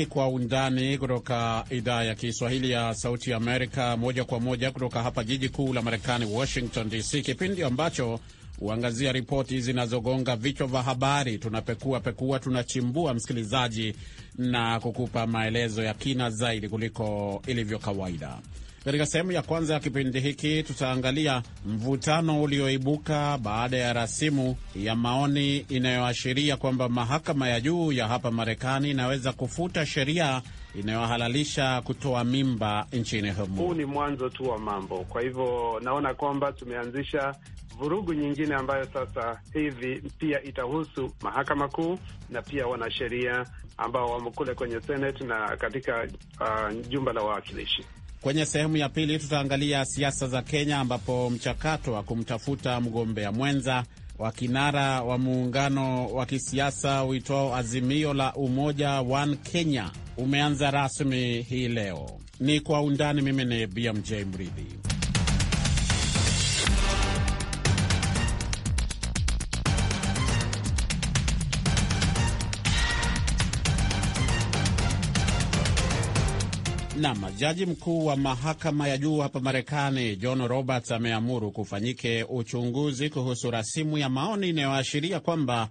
ni Kwa Undani kutoka idhaa ya Kiswahili ya Sauti ya Amerika, moja kwa moja kutoka hapa jiji kuu la Marekani, Washington DC, kipindi ambacho huangazia ripoti zinazogonga vichwa vya habari. Tunapekua pekua, tunachimbua msikilizaji, na kukupa maelezo ya kina zaidi kuliko ilivyo kawaida. Katika sehemu ya kwanza ya kipindi hiki tutaangalia mvutano ulioibuka baada ya rasimu ya maoni inayoashiria kwamba mahakama ya juu ya hapa Marekani inaweza kufuta sheria inayohalalisha kutoa mimba nchini humo. Huu ni mwanzo tu wa mambo, kwa hivyo naona kwamba tumeanzisha vurugu nyingine ambayo sasa hivi pia itahusu mahakama kuu na pia wanasheria ambao wamo kule kwenye Senate na katika uh, jumba la wawakilishi. Kwenye sehemu ya pili tutaangalia siasa za Kenya, ambapo mchakato wa kumtafuta mgombea mwenza wa kinara wa muungano wa kisiasa uitwao Azimio la Umoja One Kenya umeanza rasmi hii leo. Ni kwa undani. Mimi ni BMJ Mridhi. Nam, jaji mkuu wa mahakama ya juu hapa Marekani John Roberts ameamuru kufanyike uchunguzi kuhusu rasimu ya maoni inayoashiria kwamba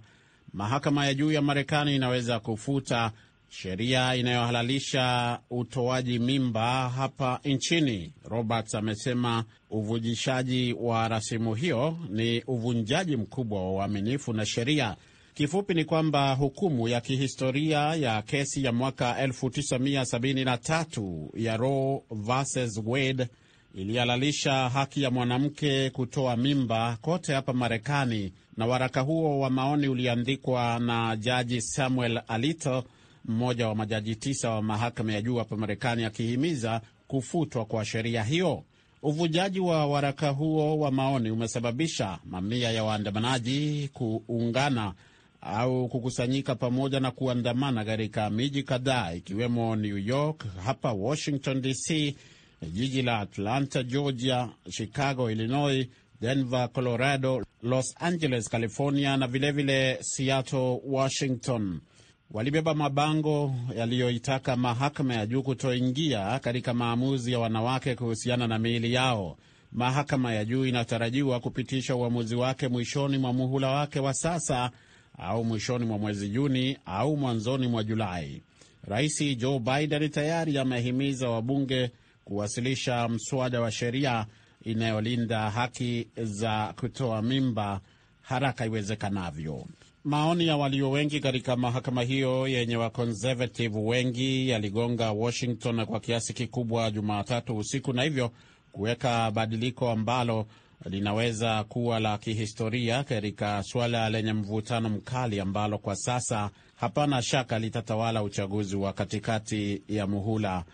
mahakama ya juu ya Marekani inaweza kufuta sheria inayohalalisha utoaji mimba hapa nchini. Roberts amesema uvujishaji wa rasimu hiyo ni uvunjaji mkubwa wa uaminifu na sheria Kifupi ni kwamba hukumu ya kihistoria ya kesi ya mwaka 1973 ya Roe versus Wade ilihalalisha haki ya mwanamke kutoa mimba kote hapa Marekani, na waraka huo wa maoni uliandikwa na Jaji Samuel Alito, mmoja wa majaji tisa wa mahakama ya juu hapa Marekani, akihimiza kufutwa kwa sheria hiyo. Uvujaji wa waraka huo wa maoni umesababisha mamia ya waandamanaji kuungana au kukusanyika pamoja na kuandamana katika miji kadhaa ikiwemo New York, hapa Washington DC, jiji la Atlanta Georgia, Chicago Illinois, Denver Colorado, Los Angeles California na vilevile vile Seattle Washington. Walibeba mabango yaliyoitaka mahakama ya juu kutoingia katika maamuzi ya wanawake kuhusiana na miili yao. Mahakama ya juu inatarajiwa kupitisha uamuzi wake mwishoni mwa muhula wake wa sasa au mwishoni mwa mwezi Juni au mwanzoni mwa Julai. Rais Joe Biden tayari amehimiza wabunge kuwasilisha mswada wa sheria inayolinda haki za kutoa mimba haraka iwezekanavyo. Maoni ya walio wengi katika mahakama hiyo yenye wakonservative wengi yaligonga Washington kwa kiasi kikubwa Jumatatu usiku na hivyo kuweka badiliko ambalo linaweza kuwa la kihistoria katika suala lenye mvutano mkali ambalo kwa sasa hapana shaka litatawala uchaguzi wa katikati ya muhula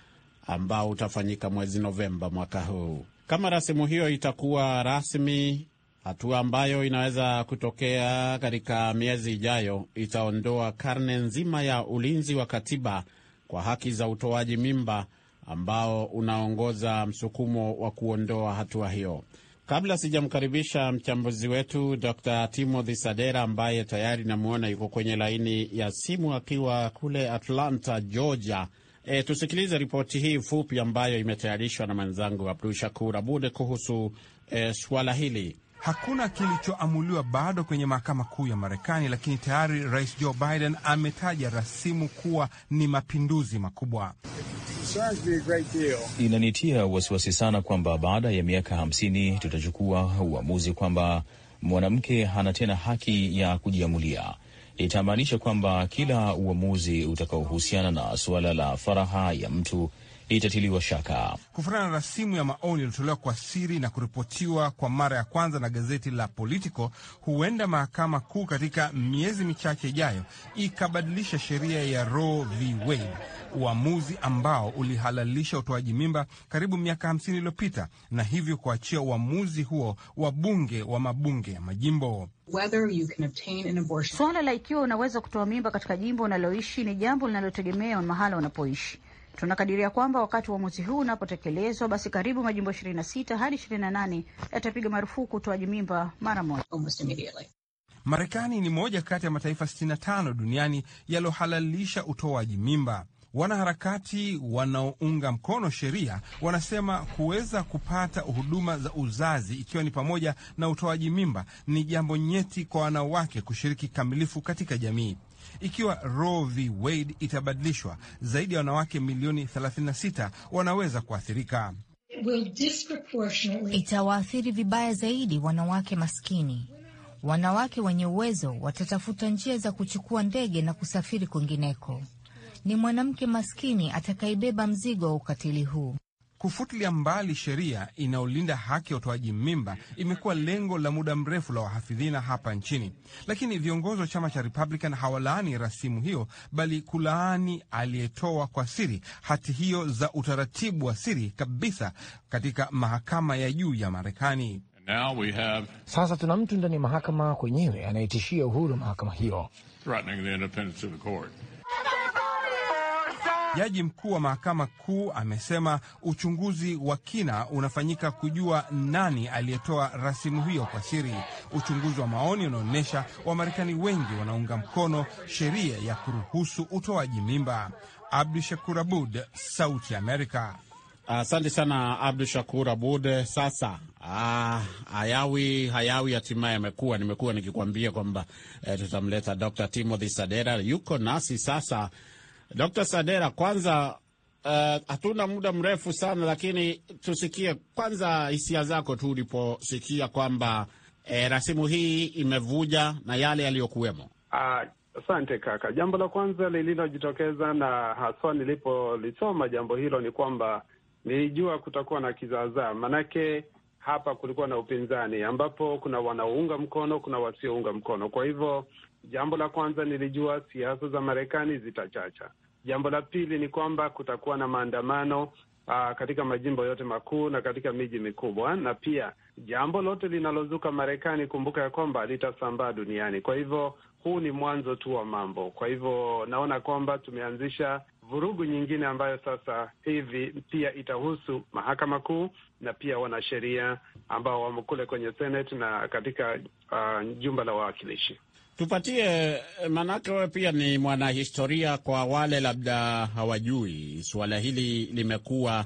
ambao utafanyika mwezi Novemba mwaka huu. Kama rasimu hiyo itakuwa rasmi, hatua ambayo inaweza kutokea katika miezi ijayo, itaondoa karne nzima ya ulinzi wa katiba kwa haki za utoaji mimba ambao unaongoza msukumo wa kuondoa hatua hiyo. Kabla sijamkaribisha mchambuzi wetu Dr Timothy Sadera ambaye tayari namwona yuko kwenye laini ya simu akiwa kule Atlanta, Georgia. E, tusikilize ripoti hii fupi ambayo imetayarishwa na mwenzangu Abdu Shakur Abud kuhusu e, suala hili. Hakuna kilichoamuliwa bado kwenye mahakama kuu ya Marekani, lakini tayari Rais Joe Biden ametaja rasimu kuwa ni mapinduzi makubwa. Inanitia wasiwasi sana kwamba baada ya miaka hamsini tutachukua uamuzi kwamba mwanamke hana tena haki ya kujiamulia. Itamaanisha kwamba kila uamuzi utakaohusiana na suala la faraha ya mtu itatiliwa shaka. Kufuatana na rasimu ya maoni iliyotolewa kwa siri na kuripotiwa kwa mara ya kwanza na gazeti la Politico, huenda mahakama kuu katika miezi michache ijayo ikabadilisha sheria ya Roe v Wade, uamuzi ambao ulihalalisha utoaji mimba karibu miaka 50 iliyopita, na hivyo kuachia uamuzi huo wabunge wa mabunge ya majimbo. Suala la ikiwa unaweza kutoa mimba katika jimbo unaloishi ni jambo linalotegemea mahala unapoishi. Tunakadiria kwamba wakati uamuzi huu unapotekelezwa, basi karibu majimbo 26 hadi 28 yatapiga marufuku utoaji mimba mara moja. Marekani ni moja kati ya mataifa 65 duniani yaliyohalalisha utoaji mimba. Wanaharakati wanaounga mkono sheria wanasema kuweza kupata huduma za uzazi ikiwa ni pamoja na utoaji mimba ni jambo nyeti kwa wanawake kushiriki kikamilifu katika jamii. Ikiwa Roe v Wade itabadilishwa, zaidi ya wanawake milioni 36 wanaweza kuathirika. Itawaathiri vibaya zaidi wanawake maskini. Wanawake wenye uwezo watatafuta njia za kuchukua ndege na kusafiri kwingineko. Ni mwanamke maskini atakayebeba mzigo wa ukatili huu. Kufutilia mbali sheria inayolinda haki ya utoaji mimba imekuwa lengo la muda mrefu la wahafidhina hapa nchini, lakini viongozi wa chama cha Republican hawalaani rasimu hiyo, bali kulaani aliyetoa kwa siri hati hiyo za utaratibu wa siri kabisa katika mahakama ya juu ya Marekani. Have... Sasa tuna mtu ndani ya mahakama kwenyewe anayetishia uhuru wa mahakama hiyo. Jaji mkuu wa mahakama kuu amesema uchunguzi wa kina unafanyika kujua nani aliyetoa rasimu hiyo kwa siri. Uchunguzi wa maoni unaonyesha Wamarekani wengi wanaunga mkono sheria ya kuruhusu utoaji mimba. Abdu Shakur Abud, Sauti ya Amerika. Asante uh, sana Abdu Shakur Abud. Sasa ah, hayawi hayawi hatimaye amekuwa, nimekuwa nikikwambia kwamba eh, tutamleta Dr Timothy Sadera, yuko nasi sasa Dr. Sadera, kwanza eh, hatuna muda mrefu sana lakini tusikie kwanza hisia zako tu uliposikia kwamba eh, rasimu hii imevuja na yale yaliyokuwemo. Ah, asante uh, kaka. Jambo la kwanza lililojitokeza na haswa nilipolisoma jambo hilo ni kwamba nilijua kutakuwa na kizaazaa, manake hapa kulikuwa na upinzani ambapo kuna wanaounga mkono, kuna wasiounga mkono. Kwa hivyo Jambo la kwanza nilijua siasa za Marekani zitachacha. Jambo la pili ni kwamba kutakuwa na maandamano Aa, ah, katika majimbo yote makuu na katika miji mikubwa, na pia jambo lote linalozuka Marekani, kumbuka ya kwamba litasambaa duniani. Kwa hivyo huu ni mwanzo tu wa mambo. Kwa hivyo naona kwamba tumeanzisha vurugu nyingine ambayo sasa hivi pia itahusu mahakama kuu na pia wanasheria ambao wamo kule kwenye Senate na katika uh, jumba la wawakilishi. Tupatie, eh, maanake wewe pia ni mwanahistoria, kwa wale labda hawajui, suala hili limekuwa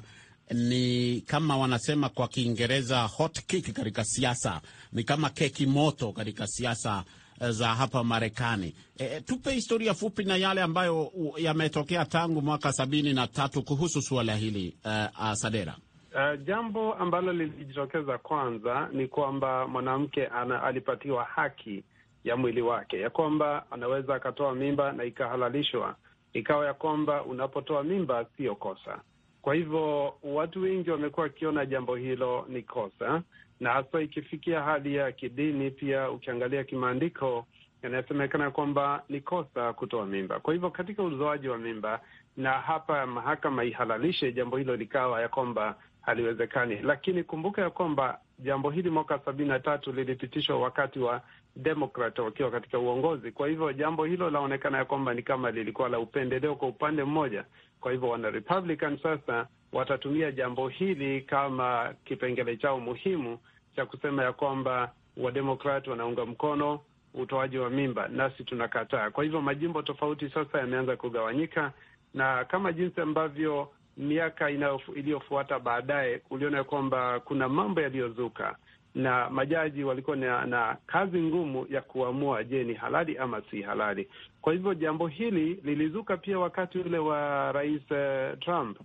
ni kama wanasema kwa Kiingereza hot cake katika siasa, ni kama keki moto katika siasa eh, za hapa Marekani. E, tupe historia fupi na yale ambayo yametokea tangu mwaka sabini na tatu kuhusu suala hili uh, Sadera. Uh, jambo ambalo lilijitokeza kwanza ni kwamba mwanamke alipatiwa haki ya mwili wake, ya kwamba anaweza akatoa mimba na ikahalalishwa, ikawa ya kwamba unapotoa mimba siyo kosa. Kwa hivyo watu wengi wamekuwa wakiona jambo hilo ni kosa, na hasa ikifikia hali ya kidini. Pia ukiangalia kimaandiko, yanayosemekana kwamba ni kosa kutoa mimba. Kwa hivyo katika uzoaji wa mimba, na hapa mahakama ihalalishe jambo hilo, likawa ya kwamba haliwezekani. Lakini kumbuka ya kwamba jambo hili mwaka sabini na tatu lilipitishwa wakati wa Demokrat wakiwa katika uongozi. Kwa hivyo jambo hilo laonekana ya kwamba ni kama lilikuwa la upendeleo kwa upande mmoja. Kwa hivyo wana Republican sasa watatumia jambo hili kama kipengele chao muhimu cha kusema ya kwamba wademokrat wanaunga mkono utoaji wa mimba, nasi tunakataa. Kwa hivyo majimbo tofauti sasa yameanza kugawanyika, na kama jinsi ambavyo miaka iliyofuata baadaye uliona ya kwamba kuna mambo yaliyozuka na majaji walikuwa na, na kazi ngumu ya kuamua, je, ni halali ama si halali. Kwa hivyo jambo hili lilizuka pia wakati ule wa rais uh, Trump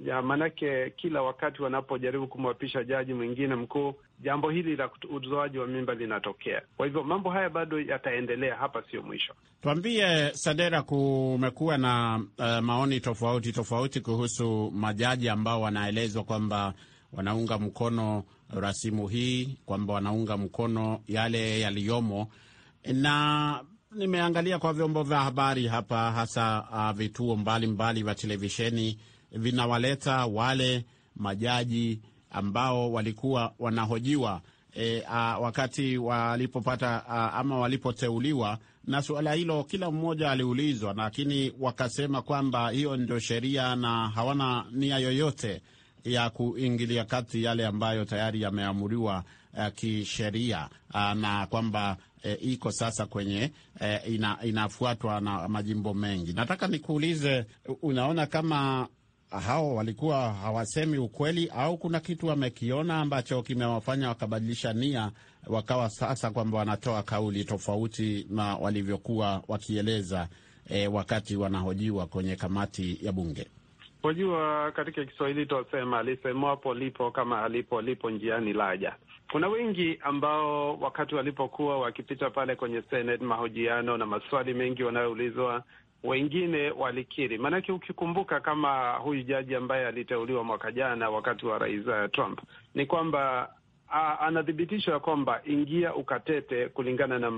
ya maanake, kila wakati wanapojaribu kumwapisha jaji mwingine mkuu, jambo hili la utoaji wa mimba linatokea. Kwa hivyo mambo haya bado yataendelea, hapa sio mwisho. Tuambie Sadera, kumekuwa na uh, maoni tofauti tofauti kuhusu majaji ambao wanaelezwa kwamba wanaunga mkono rasimu hii kwamba wanaunga mkono yale yaliyomo, na nimeangalia kwa vyombo vya habari hapa, hasa uh, vituo mbalimbali vya televisheni vinawaleta wale majaji ambao walikuwa wanahojiwa e, a, uh, wakati walipopata a, uh, ama walipoteuliwa, na suala hilo kila mmoja aliulizwa, lakini wakasema kwamba hiyo ndio sheria na hawana nia yoyote ya kuingilia kati yale ambayo tayari yameamuriwa uh, kisheria uh, na kwamba E, iko sasa kwenye e, ina, inafuatwa na majimbo mengi. Nataka nikuulize, unaona kama hao walikuwa hawasemi ukweli au kuna kitu wamekiona ambacho kimewafanya wakabadilisha nia wakawa sasa kwamba wanatoa kauli tofauti na walivyokuwa wakieleza e, wakati wanahojiwa kwenye kamati ya bunge? Wajua, katika Kiswahili twasema alisemapo lipo kama alipo lipo njiani laja. Kuna wengi ambao wakati walipokuwa wakipita pale kwenye Senate, mahojiano na maswali mengi wanayoulizwa, wengine walikiri. Maanake ukikumbuka kama huyu jaji ambaye aliteuliwa mwaka jana wakati wa rais eh, Trump, ni kwamba anathibitisha ya kwamba ingia ukatete kulingana na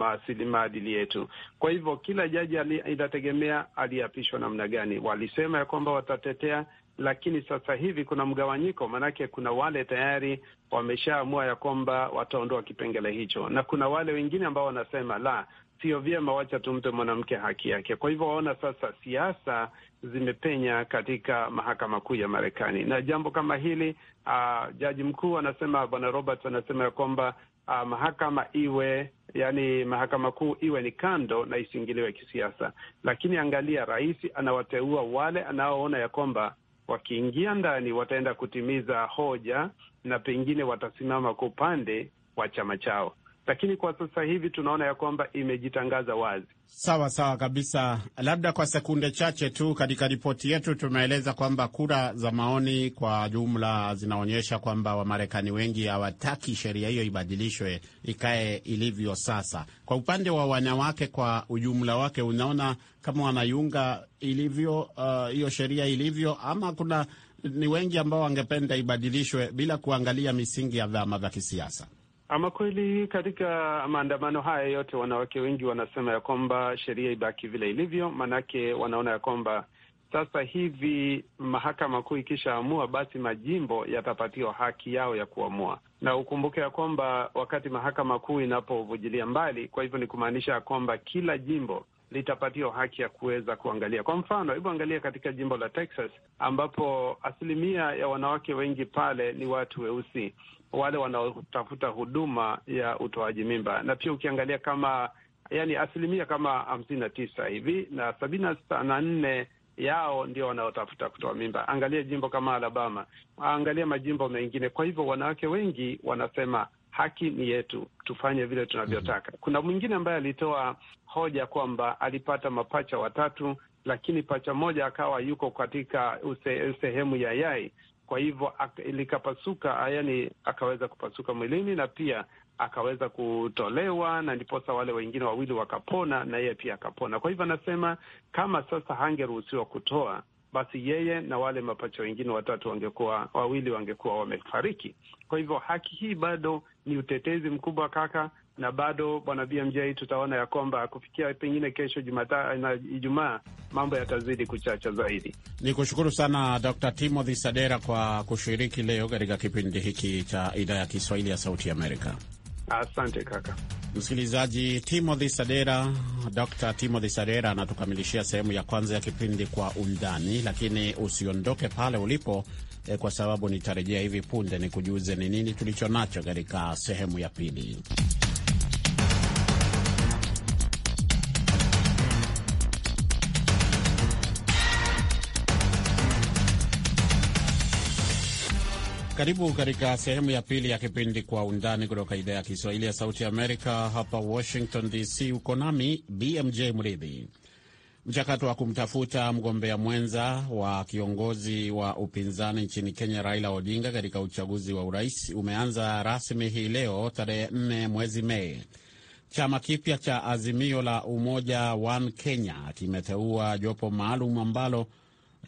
maadili yetu. Kwa hivyo kila jaji ali, inategemea aliyeapishwa namna gani. Walisema ya kwamba watatetea, lakini sasa hivi kuna mgawanyiko, maanake kuna wale tayari wameshaamua ya kwamba wataondoa kipengele hicho, na kuna wale wengine ambao wanasema la, sio vyema, wacha tumpe mwanamke haki yake. Kwa hivyo waona sasa siasa zimepenya katika mahakama kuu ya Marekani na jambo kama hili uh, jaji mkuu anasema, bwana Roberts anasema ya kwamba uh, mahakama iwe yani, mahakama kuu iwe ni kando na isiingiliwe kisiasa. Lakini angalia, rais anawateua wale anaoona ya kwamba wakiingia ndani wataenda kutimiza hoja na pengine watasimama kwa upande wa chama chao lakini kwa sasa hivi tunaona ya kwamba imejitangaza wazi. Sawa sawa kabisa. Labda kwa sekunde chache tu, katika ripoti yetu tumeeleza kwamba kura za maoni kwa jumla zinaonyesha kwamba Wamarekani wengi hawataki sheria hiyo ibadilishwe ikae ilivyo sasa. Kwa upande wa wanawake kwa ujumla wake, unaona kama wanaiunga ilivyo uh, hiyo uh, sheria ilivyo, ama kuna ni wengi ambao wangependa ibadilishwe bila kuangalia misingi ya vyama vya kisiasa? Ama kweli katika maandamano haya yote, wanawake wengi wanasema ya kwamba sheria ibaki vile ilivyo, maanake wanaona ya kwamba sasa hivi mahakama kuu ikishaamua, basi majimbo yatapatiwa haki yao ya kuamua, na ukumbuke ya kwamba wakati mahakama kuu inapovujilia mbali, kwa hivyo ni kumaanisha ya kwamba kila jimbo litapatiwa haki ya kuweza kuangalia. Kwa mfano, hebu angalia katika jimbo la Texas ambapo asilimia ya wanawake wengi pale ni watu weusi, wale wanaotafuta huduma ya utoaji mimba, na pia ukiangalia kama yani asilimia kama hamsini na tisa hivi na sabini na nne yao ndio wanaotafuta kutoa mimba. Angalia jimbo kama Alabama, angalia majimbo mengine. Kwa hivyo wanawake wengi wanasema haki ni yetu, tufanye vile tunavyotaka. mm -hmm. Kuna mwingine ambaye alitoa hoja kwamba alipata mapacha watatu, lakini pacha moja akawa yuko katika use, sehemu ya yai kwa hivyo likapasuka, yani akaweza kupasuka mwilini na pia akaweza kutolewa, na ndiposa wale wengine wawili wakapona na yeye pia akapona. Kwa hivyo anasema kama sasa hangeruhusiwa kutoa basi yeye na wale mapacha wengine watatu wangekuwa wawili wangekuwa wamefariki. Kwa hivyo haki hii bado ni utetezi mkubwa kaka, na bado bwana BMJ, tutaona ya kwamba kufikia pengine kesho Jumatatu na Ijumaa mambo yatazidi kuchacha zaidi. Ni kushukuru sana Dr. Timothy Sadera kwa kushiriki leo katika kipindi hiki cha idhaa ya Kiswahili ya Sauti Amerika. Asante kaka msikilizaji. Timothy Sadera, Dr. Timothy Sadera anatukamilishia sehemu ya kwanza ya kipindi kwa undani, lakini usiondoke pale ulipo eh, kwa sababu nitarejea hivi punde nikujuze ni nini tulicho nacho katika sehemu ya pili. Karibu katika sehemu ya pili ya kipindi Kwa Undani kutoka idhaa ya Kiswahili ya Sauti Amerika, hapa Washington DC. Uko nami BMJ Mridhi. Mchakato wa kumtafuta mgombea mwenza wa kiongozi wa upinzani nchini Kenya, Raila Odinga, katika uchaguzi wa urais umeanza rasmi hii leo tarehe nne mwezi Mei. Chama kipya cha Azimio la Umoja One Kenya kimeteua jopo maalum ambalo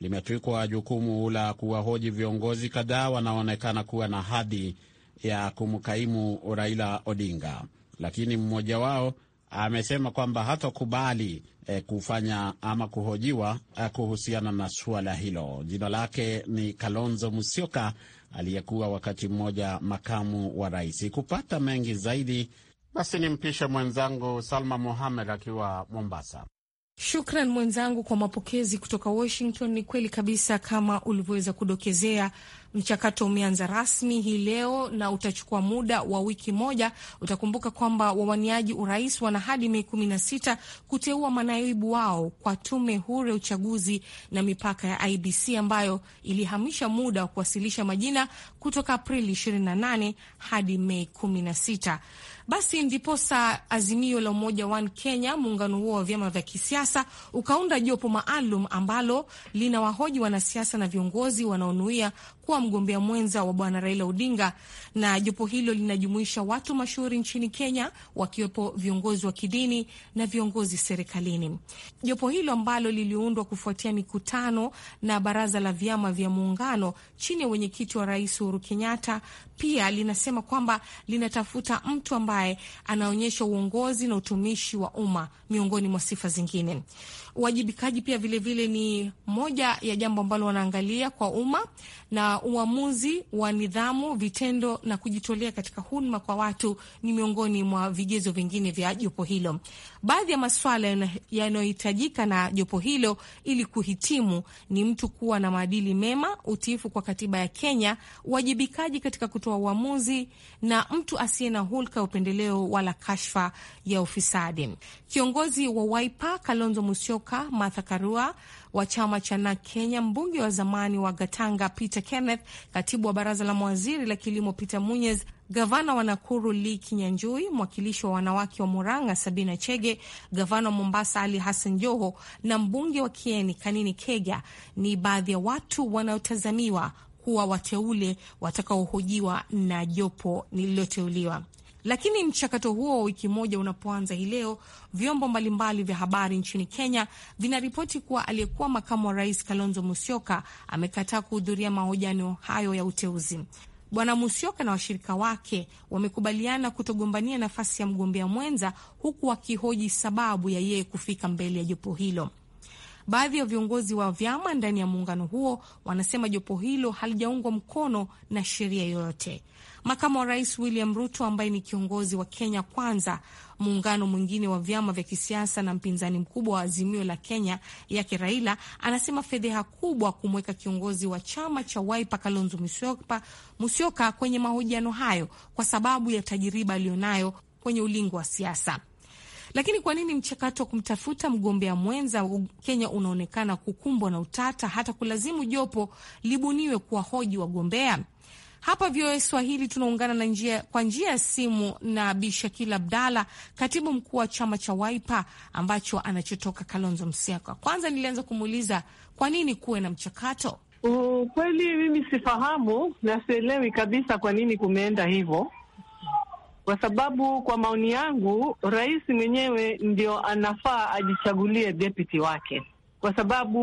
limetwikwa jukumu la kuwahoji viongozi kadhaa wanaoonekana kuwa na hadhi ya kumkaimu Raila Odinga, lakini mmoja wao amesema kwamba hatakubali eh, kufanya ama kuhojiwa eh, kuhusiana na suala hilo. Jina lake ni Kalonzo Musyoka, aliyekuwa wakati mmoja makamu wa rais. Kupata mengi zaidi, basi nimpishe mwenzangu Salma Mohamed akiwa Mombasa. Shukran mwenzangu kwa mapokezi kutoka Washington. Ni kweli kabisa kama ulivyoweza kudokezea, mchakato umeanza rasmi hii leo na utachukua muda wa wiki moja. Utakumbuka kwamba wawaniaji urais wana hadi Mei kumi na sita kuteua manaibu wao kwa tume huru ya uchaguzi na mipaka ya IBC ambayo ilihamisha muda wa kuwasilisha majina kutoka Aprili 28 hadi Mei kumi na sita. Basi ndiposa azimio la umoja One Kenya, muungano huo wa vyama vya kisiasa ukaunda jopo maalum ambalo wahoji wanasiasa na viongozi wanaonuia kuwa mgombea mwenza wa bwana Raila Odinga. Na jopo hilo linajumuisha watu mashuhuri nchini Kenya, wakiwepo viongozi wa kidini na viongozi serikalini. Jopo hilo ambalo liliundwa kufuatia mikutano na baraza la vyama vya muungano chini ya wenyekiti wa Rais Uhuru Kenyatta, pia linasema kwamba linatafuta mtu ambaye ambaye anaonyesha uongozi na utumishi wa umma miongoni mwa sifa zingine. Uwajibikaji pia vilevile vile ni moja ya jambo ambalo wanaangalia kwa umma na uamuzi wa nidhamu, vitendo na kujitolea katika huduma kwa watu ni miongoni mwa vigezo vingine vya jopo hilo. Baadhi ya maswala yanayohitajika na jopo hilo ili kuhitimu ni mtu kuwa na maadili mema, utiifu kwa katiba ya Kenya, uwajibikaji katika kutoa uamuzi na mtu asiye na hulka upende maendeleo wala kashfa ya ufisadi. Kiongozi wa Waipa Kalonzo Musyoka, Martha Karua wa chama cha na Kenya, mbunge wa zamani wa Gatanga Peter Kenneth, katibu wa baraza la mawaziri la kilimo Peter Munyes, gavana wa Nakuru Lee Kinyanjui, mwakilishi wa wanawake wa Murang'a Sabina Chege, gavana wa Mombasa Ali Hassan Joho na mbunge wa Kieni Kanini Kega ni baadhi ya watu wanaotazamiwa kuwa wateule watakaohojiwa na jopo lililoteuliwa. Lakini mchakato huo wa wiki moja unapoanza hii leo, vyombo mbalimbali vya habari nchini Kenya vinaripoti kuwa aliyekuwa makamu wa rais Kalonzo Musyoka amekataa kuhudhuria mahojiano hayo ya uteuzi. Bwana Musyoka na washirika wake wamekubaliana kutogombania nafasi ya mgombea mwenza, huku wakihoji sababu ya yeye kufika mbele ya jopo hilo. Baadhi ya viongozi wa vyama ndani ya muungano huo wanasema jopo hilo halijaungwa mkono na sheria yoyote. Makamu wa rais William Ruto ambaye ni kiongozi wa Kenya Kwanza, muungano mwingine wa vyama vya kisiasa na mpinzani mkubwa wa Azimio la Kenya yake Raila, anasema fedheha kubwa kumweka kiongozi wa chama cha Waipa Kalonzo Musyoka kwenye mahojiano hayo kwa sababu ya tajiriba aliyonayo kwenye ulingo wa siasa. Lakini kwa nini mchakato wa kumtafuta mgombea mwenza Kenya unaonekana kukumbwa na utata hata kulazimu jopo libuniwe kuwahoji wagombea? Hapa VOA Swahili tunaungana na njia, kwa njia ya simu na Bi Shakil Abdalla, katibu mkuu wa chama cha Waipa ambacho anachotoka Kalonzo Msiaka. Kwanza nilianza kumuuliza kwa nini kuwe na mchakato Ukweli mimi sifahamu na sielewi kabisa kwa nini kumeenda hivyo, kwa sababu kwa maoni yangu rais mwenyewe ndio anafaa ajichagulie deputy wake kwa sababu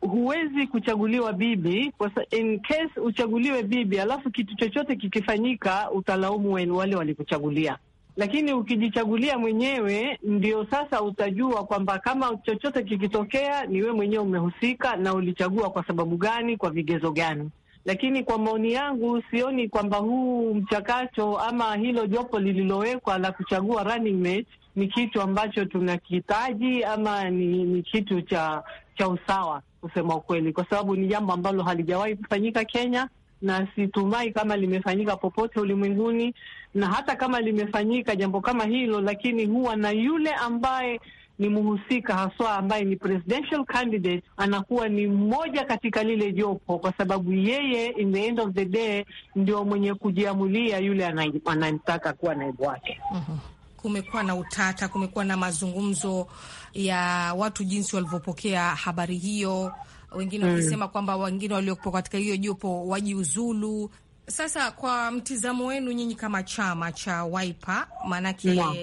huwezi kuchaguliwa bibi kwa sa, in case uchaguliwe bibi alafu kitu chochote kikifanyika utalaumu wale walikuchagulia. Lakini ukijichagulia mwenyewe ndio sasa utajua kwamba kama chochote kikitokea ni wee mwenyewe umehusika na ulichagua kwa sababu gani, kwa vigezo gani. Lakini kwa maoni yangu sioni kwamba huu mchakato ama hilo jopo lililowekwa la kuchagua running mate ni kitu ambacho tunakihitaji ama ni, ni kitu cha cha usawa kusema ukweli, kwa sababu ni jambo ambalo halijawahi kufanyika Kenya na situmai kama limefanyika popote ulimwenguni, na hata kama limefanyika jambo kama hilo, lakini huwa na yule ambaye ni mhusika haswa, ambaye ni presidential candidate, anakuwa ni mmoja katika lile jopo, kwa sababu yeye in the end of the day ndio mwenye kujiamulia yule anayemtaka kuwa naibu wake. uh mm-hmm. -huh kumekuwa na utata, kumekuwa na mazungumzo ya watu jinsi walivyopokea habari hiyo, wengine hmm. wakisema mm, kwamba wengine waliopo katika hiyo jopo wajiuzulu. Sasa kwa mtizamo wenu nyinyi kama chama cha Wiper, maanake no.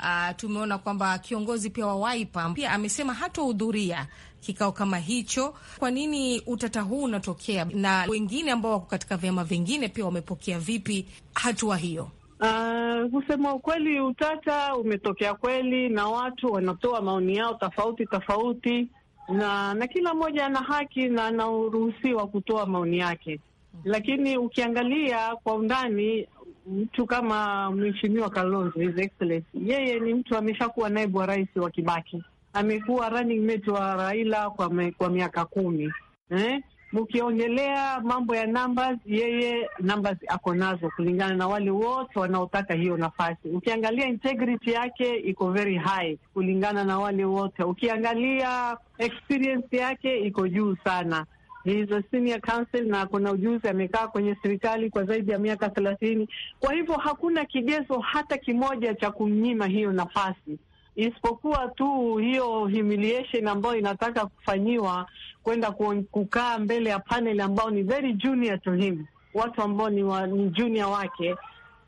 Uh, tumeona kwamba kiongozi pia wa Wiper pia amesema hatohudhuria kikao kama hicho. Kwa nini utata huu unatokea, na wengine ambao wako katika vyama vingine pia wamepokea vipi hatua wa hiyo? Uh, ah, kusema ukweli, utata umetokea kweli, na watu wanatoa maoni yao tofauti tofauti, na na kila mmoja ana haki na anaruhusiwa kutoa maoni yake, lakini ukiangalia kwa undani mtu kama mheshimiwa Kalonzo His Excellency, yeye ni mtu ameshakuwa naibu wa rais wa Kibaki, amekuwa running mate wa Raila kwa, me, kwa miaka kumi eh? mkiongelea mambo ya numbers, yeye numbers ako nazo kulingana na wale wote wanaotaka hiyo nafasi. Ukiangalia integrity yake iko very high kulingana na wale wote. Ukiangalia experience yake iko juu sana. He is a senior counsel na kuna ujuzi, amekaa kwenye serikali kwa zaidi ya miaka thelathini. Kwa hivyo hakuna kigezo hata kimoja cha kumnyima hiyo nafasi isipokuwa tu hiyo humiliation ambayo inataka kufanyiwa kwenda kukaa mbele ya panel ambao ni very junior to him, watu ambao ni, wa, ni junior wake.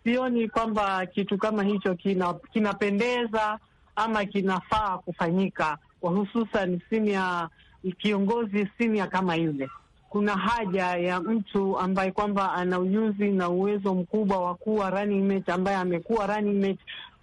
Sioni kwamba kitu kama hicho kina, kinapendeza ama kinafaa kufanyika kwa hususan senior kiongozi senior kama yule. Kuna haja ya mtu ambaye kwamba ana ujuzi na uwezo mkubwa wa kuwa running mate, ambaye amekuwa running mate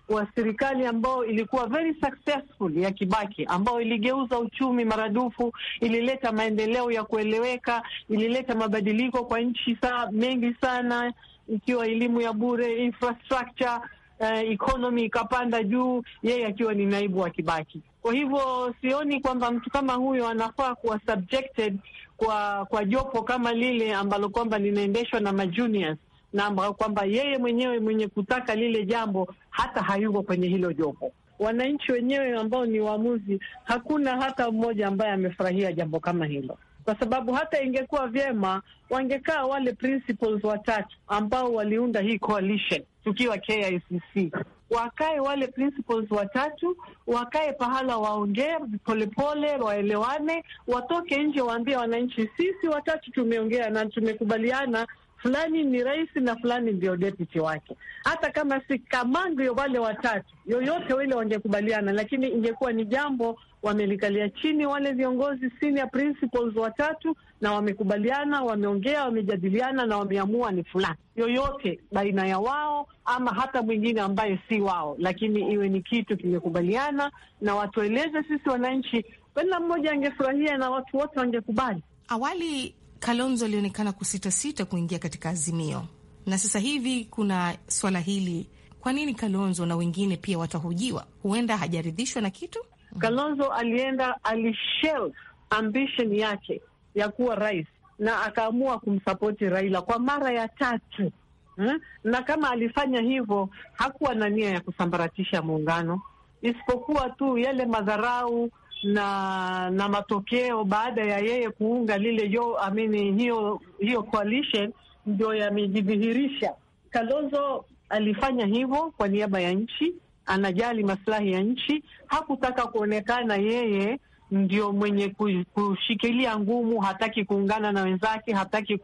wa serikali ambao ilikuwa very successful ya Kibaki, ambao iligeuza uchumi maradufu, ilileta maendeleo ya kueleweka, ilileta mabadiliko kwa nchi saa mengi sana, ikiwa elimu ya bure, infrastructure Uh, economy ikapanda juu, yeye akiwa ni naibu wa Kibaki. Kwa hivyo sioni kwamba mtu kama huyo anafaa kuwa subjected kwa kwa jopo kama lile ambalo kwamba linaendeshwa na majuniors na kwamba yeye mwenyewe mwenye kutaka lile jambo hata hayuko kwenye hilo jopo. Wananchi wenyewe ambao ni waamuzi, hakuna hata mmoja ambaye amefurahia jambo kama hilo, kwa sababu hata ingekuwa vyema wangekaa wale principals watatu ambao waliunda hii coalition tukiwa KICC wakae wale principals watatu, wakae pahala, waongee polepole, waelewane, watoke nje, waambie wananchi, sisi watatu tumeongea na tumekubaliana fulani ni rais na fulani ndio deputy wake. Hata kama si Kamangyo, wale watatu yoyote wale wangekubaliana, lakini ingekuwa ni jambo wamelikalia chini wale viongozi senior principals watatu, na wamekubaliana, wameongea, wamejadiliana na wameamua ni fulani yoyote baina ya wao ama hata mwingine ambaye si wao, lakini iwe ni kitu kimekubaliana, na watueleze sisi wananchi, kila mmoja angefurahia na watu wote wangekubali. Awali Kalonzo alionekana kusitasita kuingia katika azimio, na sasa hivi kuna swala hili. Kwa nini Kalonzo na wengine pia watahojiwa? Huenda hajaridhishwa na kitu. Kalonzo alienda alishel ambition yake ya kuwa rais na akaamua kumsapoti Raila kwa mara ya tatu hmm? Na kama alifanya hivyo hakuwa na nia ya kusambaratisha muungano, isipokuwa tu yale madharau na na matokeo baada ya yeye kuunga lile yo, I mean, hiyo hiyo coalition ndio yamejidhihirisha. Kalonzo alifanya hivyo kwa niaba ya nchi, anajali maslahi ya nchi, hakutaka kuonekana yeye ndio mwenye kushikilia ngumu, hataki kuungana na wenzake, hataki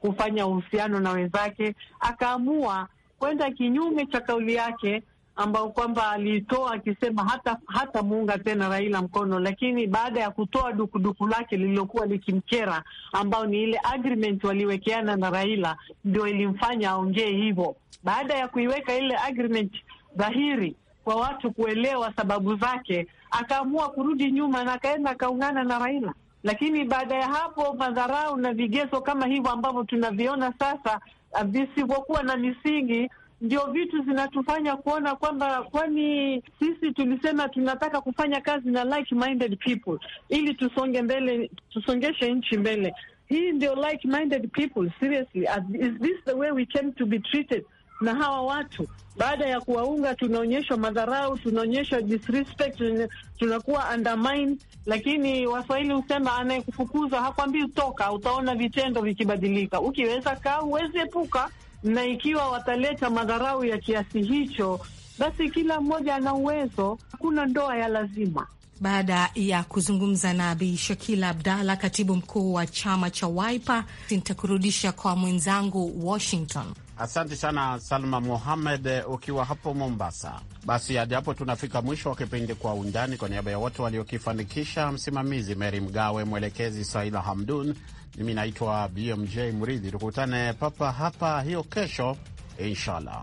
kufanya uhusiano na wenzake, akaamua kwenda kinyume cha kauli yake ambao kwamba alitoa akisema hata hata muunga tena Raila mkono, lakini baada ya kutoa dukuduku lake lililokuwa likimkera, ambao ni ile agreement waliwekeana na Raila, ndio ilimfanya aongee hivyo. Baada ya kuiweka ile agreement dhahiri kwa watu kuelewa sababu zake, akaamua kurudi nyuma na akaenda akaungana na Raila. Lakini baada ya hapo madharau na vigezo kama hivyo ambavyo tunaviona sasa uh, visivyokuwa na misingi ndio vitu zinatufanya kuona kwamba kwani sisi tulisema tunataka kufanya kazi na like minded people ili tusonge mbele, tusongeshe nchi mbele. Hii ndio like minded people, seriously, is this the way we came to be treated na hawa watu? Baada ya kuwaunga, tunaonyeshwa madharau, tunaonyeshwa disrespect, tunakuwa undermine. Lakini Waswahili husema anayekufukuza hakwambii toka, utaona vitendo vikibadilika. Ukiweza kaa, huwezi epuka na ikiwa wataleta madharau ya kiasi hicho, basi kila mmoja ana uwezo, hakuna ndoa ya lazima. Baada ya kuzungumza na Bi Shakila Abdalla, katibu mkuu wa chama cha Waipa, nitakurudisha kwa mwenzangu Washington. Asante sana Salma Mohamed, ukiwa hapo Mombasa. Basi hadi hapo tunafika mwisho wa kipindi Kwa Undani. Kwa niaba ya wote waliokifanikisha, msimamizi Meri Mgawe, mwelekezi saila Hamdun, mimi naitwa BMJ Mridhi, tukutane papa hapa hiyo kesho inshallah.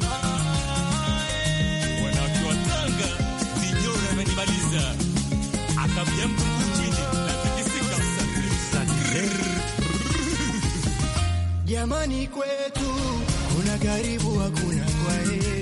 Jamani, kwetu kuna karibu hakuna kwae